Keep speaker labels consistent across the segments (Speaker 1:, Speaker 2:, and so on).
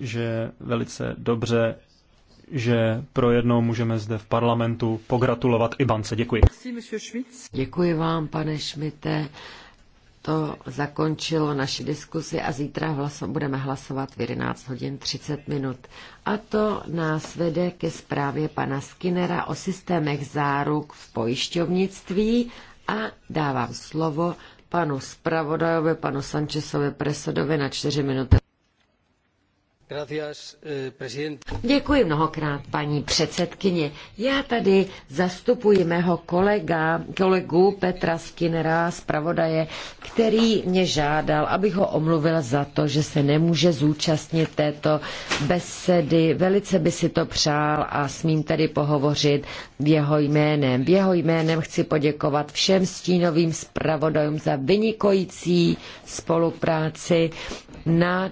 Speaker 1: že velice dobře, že pro jednou můžeme zde v parlamentu pogratulovat i bance. Děkuji.
Speaker 2: Děkuji vám, pane Šmite. To zakončilo naši diskusi a zítra hlaso- budeme hlasovat v 11 hodin 30 minut. A to nás vede ke zprávě pana Skinnera o systémech záruk v pojišťovnictví a dávám slovo panu zpravodajovi, panu Sančesovi Presodovi na 4 minuty. Eh, Děkuji mnohokrát, paní předsedkyně. Já tady zastupuji mého kolega, kolegu Petra Skinnera, zpravodaje, který mě žádal, abych ho omluvil za to, že se nemůže zúčastnit této besedy. Velice by si to přál a smím tedy pohovořit v jeho jménem. V jeho jménem chci poděkovat všem stínovým zpravodajům za vynikající spolupráci na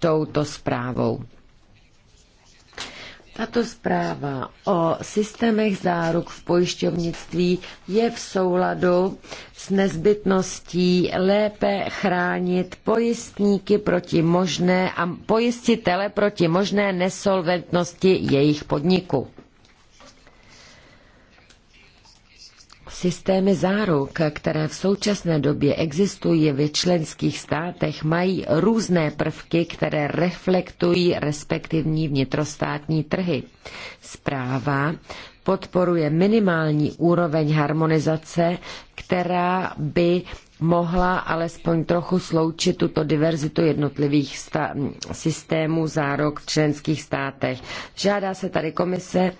Speaker 2: touto zprávou. Tato zpráva o systémech záruk v pojišťovnictví je v souladu s nezbytností lépe chránit pojistníky proti možné a pojistitele proti možné nesolventnosti jejich podniku. Systémy záruk, které v současné době existují ve členských státech, mají různé prvky, které reflektují respektivní vnitrostátní trhy. Zpráva podporuje minimální úroveň harmonizace, která by mohla alespoň trochu sloučit tuto diverzitu jednotlivých systémů zárok v členských státech. Žádá se tady komise,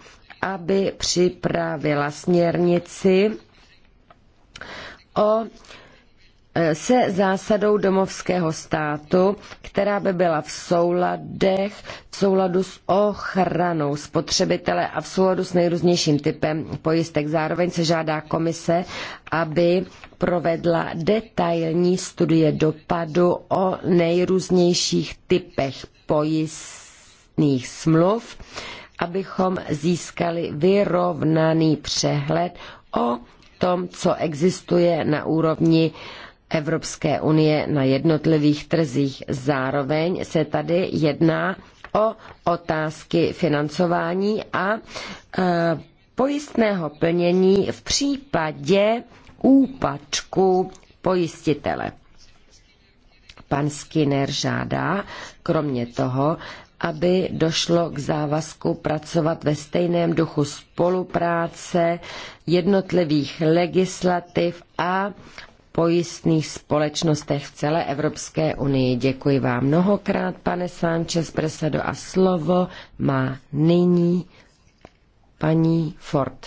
Speaker 2: aby připravila směrnici o e, se zásadou domovského státu, která by byla v souladech, v souladu s ochranou spotřebitele a v souladu s nejrůznějším typem pojistek. Zároveň se žádá komise, aby provedla detailní studie dopadu o nejrůznějších typech pojistných smluv, abychom získali vyrovnaný přehled o tom, co existuje na úrovni Evropské unie na jednotlivých trzích. Zároveň se tady jedná o otázky financování a e, pojistného plnění v případě úpačku pojistitele. Pan Skinner žádá, kromě toho, aby došlo k závazku pracovat ve stejném duchu spolupráce jednotlivých legislativ a pojistných společnostech v celé Evropské unii. Děkuji vám mnohokrát, pane Sánchez Presedo, a slovo má nyní paní Ford.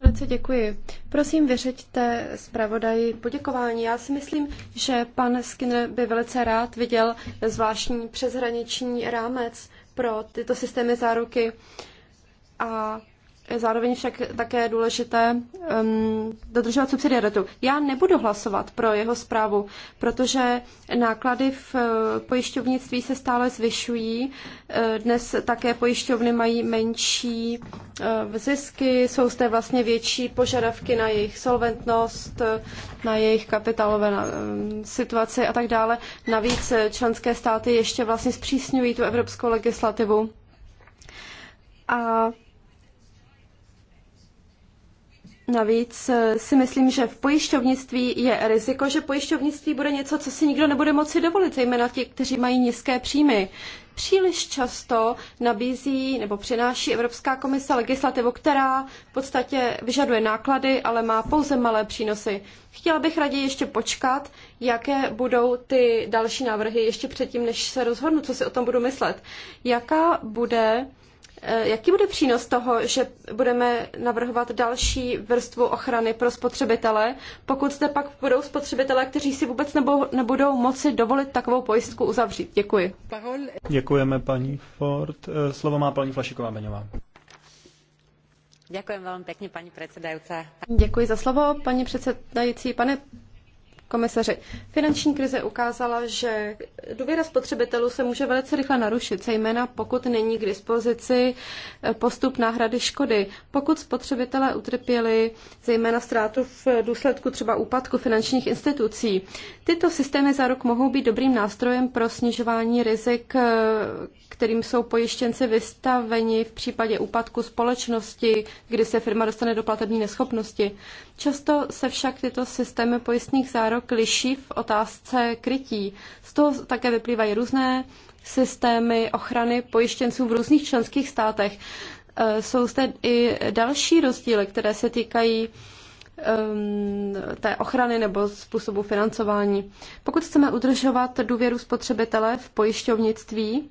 Speaker 3: Velice děkuji. Prosím, vyřeďte zpravodaji poděkování. Já si myslím, že pan Skinner by velice rád viděl zvláštní přeshraniční rámec pro tyto systémy záruky a Zároveň však také důležité um, dodržovat subsidiaritu. Já nebudu hlasovat pro jeho zprávu, protože náklady v uh, pojišťovnictví se stále zvyšují. Uh, dnes také pojišťovny mají menší uh, zisky, jsou zde vlastně větší požadavky na jejich solventnost, na jejich kapitálové na, um, situaci a tak dále. Navíc členské státy ještě vlastně zpřísňují tu evropskou legislativu. A Navíc eh, si myslím, že v pojišťovnictví je riziko, že pojišťovnictví bude něco, co si nikdo nebude moci dovolit, zejména ti, kteří mají nízké příjmy. Příliš často nabízí nebo přináší Evropská komise legislativu, která v podstatě vyžaduje náklady, ale má pouze malé přínosy. Chtěla bych raději ještě počkat, jaké budou ty další návrhy ještě předtím, než se rozhodnu, co si o tom budu myslet. Jaká bude Eh, jaký bude přínos toho, že budeme navrhovat další vrstvu ochrany pro spotřebitele, pokud zde pak budou spotřebitelé, kteří si vůbec nebo nebudou moci dovolit takovou pojistku uzavřít? Děkuji.
Speaker 1: Děkujeme paní Ford. Eh, slovo má paní Flašiková Beňová.
Speaker 2: Děkuji vám pěkně, paní předsedající.
Speaker 3: Děkuji za slovo, paní předsedající. Pane komisaři, finanční krize ukázala, že důvěra spotřebitelů se může velice rychle narušit, zejména pokud není k dispozici eh, postup náhrady škody. Pokud spotřebitelé utrpěli zejména ztrátu v důsledku třeba úpadku finančních institucí, tyto systémy za rok mohou být dobrým nástrojem pro snižování rizik, eh, kterým jsou pojištěnci vystaveni v případě úpadku společnosti, kdy se firma dostane do platební neschopnosti. Často se však tyto systémy pojistných zárok rok liší v otázce krytí. Z toho také vyplývají různé systémy ochrany pojištěnců v různých členských státech. E, jsou zde i další rozdíly, které se týkají té ochrany nebo způsobu financování. Pokud chceme udržovat důvěru spotřebitele v pojišťovnictví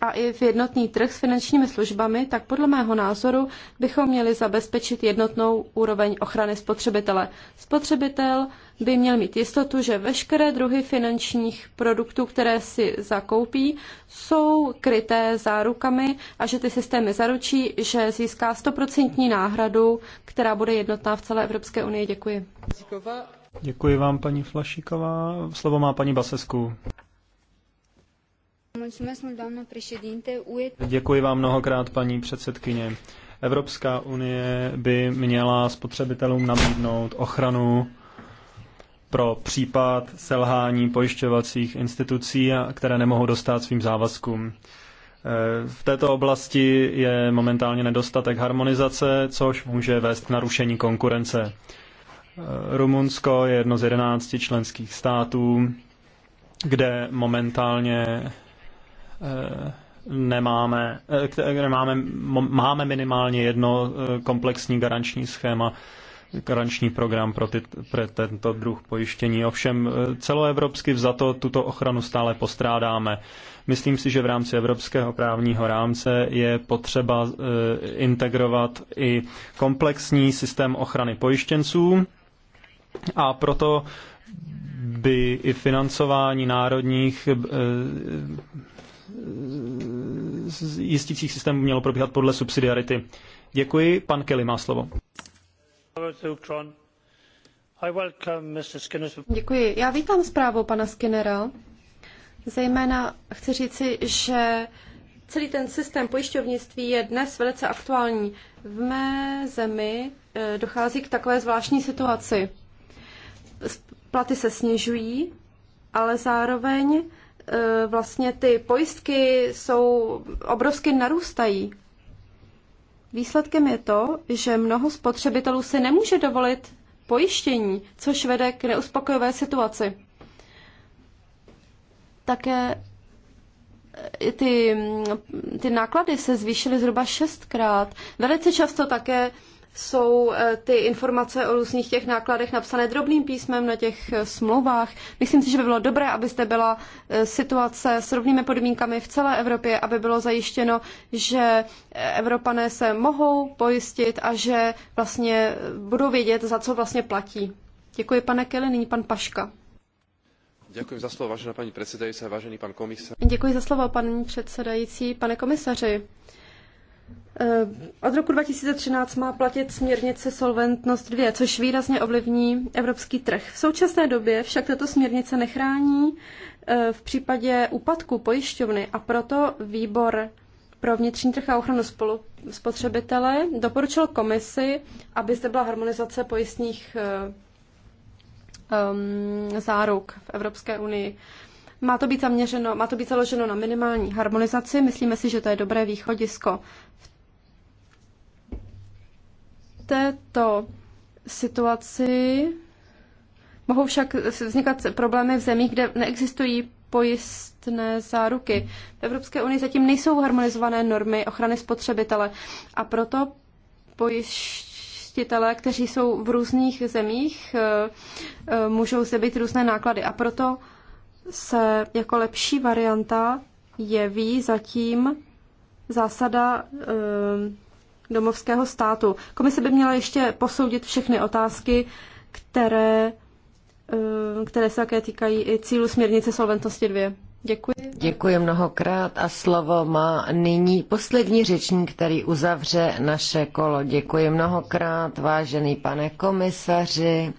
Speaker 3: a i v jednotný trh s finančními službami, tak podle mého názoru bychom měli zabezpečit jednotnou úroveň ochrany spotřebitele. Spotřebitel by měl mít jistotu, že veškeré druhy finančních produktů, které si zakoupí, jsou kryté zárukami a že ty systémy zaručí, že získá stoprocentní náhradu, která bude jednotná v celé Evropské unii. Děkuji.
Speaker 1: Děkuji vám, paní Flašiková. Slovo má paní Basesku. Děkuji vám mnohokrát, paní předsedkyně. Evropská unie by měla spotřebitelům nabídnout ochranu pro případ selhání pojišťovacích institucí, které nemohou dostat svým závazkům. E, v této oblasti je momentálně nedostatek harmonizace, což může vést k narušení konkurence. E, Rumunsko je jedno z jedenácti členských států, kde momentálně e, nemáme, kde máme, máme minimálně jedno komplexní garanční schéma garanční program pro, ty, pro tento druh pojištění. Ovšem celoevropsky vzato tuto ochranu stále postrádáme. Myslím si, že v rámci evropského právního rámce je potřeba integrovat i komplexní systém ochrany pojištěnců a proto by i financování národních jistících systémů mělo probíhat podle subsidiarity. Děkuji, pan Kelly má slovo.
Speaker 3: Já vítám zprávu pana Skinnera. Zejména chci říci, že celý ten systém pojišťovnictví je dnes velice aktuální. V mé zemi eh, dochází k takové zvláštní situaci. Platy se snižují, ale zároveň eh, vlastně ty pojistky jsou obrovsky narůstají. Výsledkem je to, že mnoho spotřebitelů si nemůže dovolit pojištění, což vede k neuspokojové situaci. Také eh, ty, mm, ty náklady se zvýšily zhruba šestkrát. Velice často také jsou eh, ty informace o různých těch nákladech napsané drobným písmem na těch eh, smlouvách. Myslím si, že by bylo dobré, abyste byla eh, situace s rovnými podmínkami v celé Evropě, aby bylo zajištěno, že Evropané se mohou pojistit a že vlastně budou vědět, za co vlastně platí. Děkuji, pane Kelly, nyní pan Paška.
Speaker 1: Děkuji za slovo, vážená paní předsedající, vážený pan komisař.
Speaker 3: Děkuji za slovo, paní předsedající, pane komisaři. Od roku 2013 má platit směrnice Solventnost 2, což výrazně ovlivní evropský trh. V současné době však tato směrnice nechrání eh, v případě úpadku pojišťovny a proto výbor pro vnitřní trh a ochranu spolu, spotřebitele doporučil komisi, aby zde byla harmonizace pojistných um, záruk v Evropské unii. Má to být zaměřeno, má to být založeno na minimální harmonizaci. Myslíme si, že to je dobré východisko. V této situaci mohou však vznikat problémy v zemích, kde neexistují pojistné záruky. V Evropské unii zatím nejsou harmonizované normy ochrany spotřebitele a proto pojištitelé, kteří jsou v různých zemích, eh, eh, můžou se být různé náklady a proto se jako lepší varianta jeví zatím zásada ehm, domovského státu. Komise by měla ještě posoudit všechny otázky, které, ehm, které se také týkají i cílu směrnice solventnosti 2. Děkuji.
Speaker 2: Děkuji mnohokrát a slovo má nyní poslední řečník, který uzavře naše kolo. Děkuji mnohokrát, vážený pane komisaři.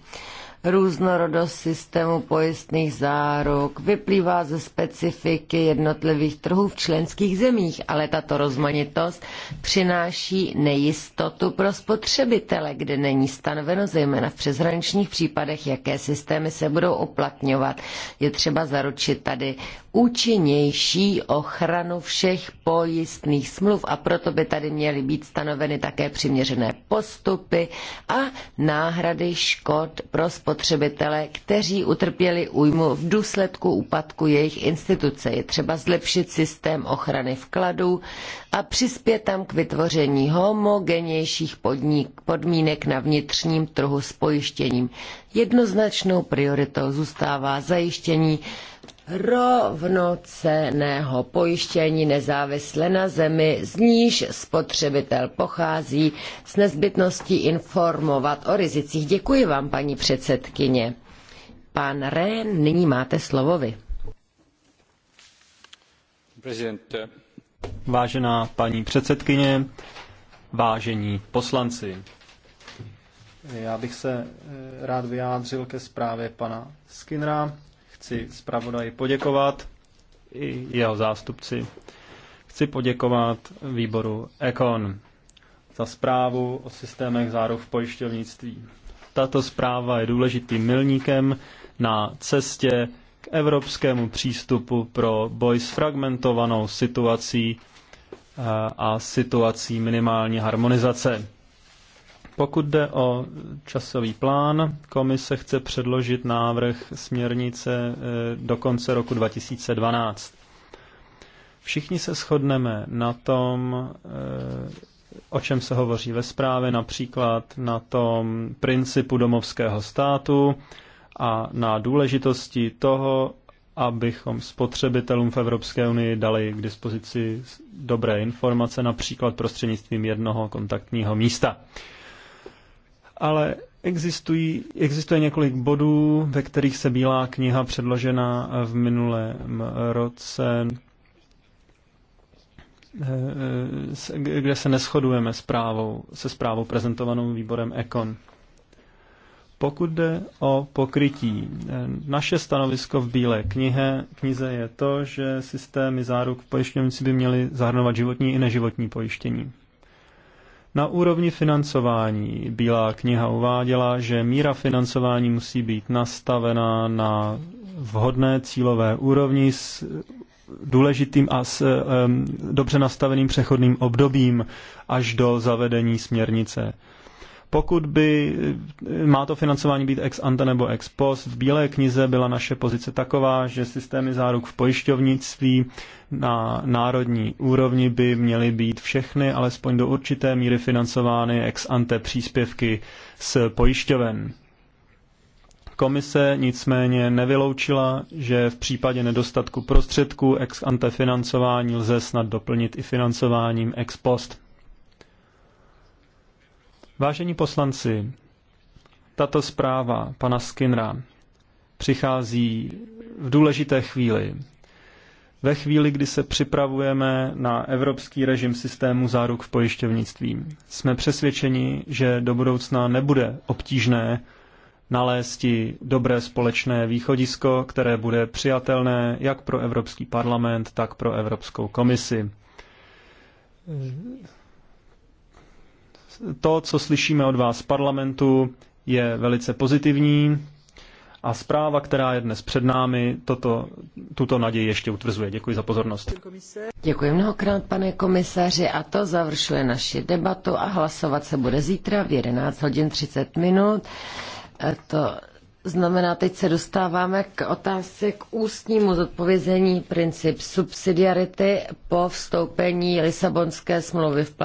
Speaker 2: Různorodost systému pojistných záruk vyplývá ze specifiky jednotlivých trhů v členských zemích, ale tato rozmanitost přináší nejistotu pro spotřebitele, kde není stanoveno zejména v přeshraničních případech, jaké systémy se budou uplatňovat. Je třeba zaručit tady účinnější ochranu všech pojistných smluv a proto by tady měly být stanoveny také přiměřené postupy a náhrady škod pro spotřebitele spotřebitele, kteří utrpěli újmu v důsledku úpadku jejich instituce. Je třeba zlepšit systém ochrany vkladů a přispět tam k vytvoření homogenějších podmínek na vnitřním trhu s pojištěním. Jednoznačnou prioritou zůstává zajištění rovnoceného pojištění nezávisle na zemi, z níž spotřebitel pochází s nezbytností informovat o rizicích. Děkuji vám, paní předsedkyně. Pan Rehn, nyní máte slovo vy.
Speaker 3: Prezidente.
Speaker 1: Vážená paní předsedkyně, vážení poslanci, já bych se eh, rád vyjádřil ke zprávě pana Skinnera Chci zpravodaji poděkovat i jeho zástupci. Chci poděkovat výboru Econ za zprávu o systémech záruk v pojišťovnictví. Tato zpráva je důležitým milníkem na cestě k evropskému přístupu pro boj s fragmentovanou situací eh, a situací minimální harmonizace. Pokud jde o časový plán, komise chce předložit návrh směrnice eh, do konce roku 2012. Všichni se shodneme na tom, eh, o čem se hovoří ve zprávě, například na tom principu domovského státu a na důležitosti toho, abychom spotřebitelům v Evropské unii dali k dispozici dobré informace, například prostřednictvím jednoho kontaktního místa ale existují, existuje několik bodů, ve kterých se Bílá kniha předložená v minulém roce kde se neschodujeme s právou, se zprávou prezentovanou výborem Econ. Pokud jde o pokrytí, naše stanovisko v Bílé knihe, knize je to, že systémy záruk pojišťovníci by měly zahrnovat životní i neživotní pojištění. Na úrovni financování Bílá kniha uváděla, že míra financování musí být nastavená na vhodné cílové úrovni s důležitým a s, um, dobře nastaveným přechodným obdobím až do zavedení směrnice. Pokud by eh, má to financování být ex ante nebo ex post, v Bílé knize byla naše pozice taková, že systémy záruk v pojišťovnictví na národní úrovni by měly být všechny, alespoň do určité míry financovány ex ante příspěvky z pojišťoven. Komise nicméně nevyloučila, že v případě nedostatku prostředků ex ante financování lze snad doplnit i financováním ex post. Vážení poslanci, tato zpráva pana Skinnera přichází v důležité chvíli. Ve chvíli, kdy se připravujeme na evropský režim systému záruk v pojišťovnictví, jsme přesvědčeni, že do budoucna nebude obtížné nalézt dobré společné východisko, které bude přijatelné jak pro Evropský parlament, tak pro Evropskou komisi to, co slyšíme od vás z parlamentu, je velice pozitivní a zpráva, která je dnes před námi, toto, tuto naději ještě utvrzuje. Děkuji za pozornost.
Speaker 2: Děkuji mnohokrát, pane komisaři, a to završuje naši debatu a hlasovat se bude zítra v 11 hodin 30 minut. E, to znamená, teď se dostáváme k otázce k ústnímu zodpovězení princip subsidiarity po vstoupení Lisabonské smlouvy v platnost.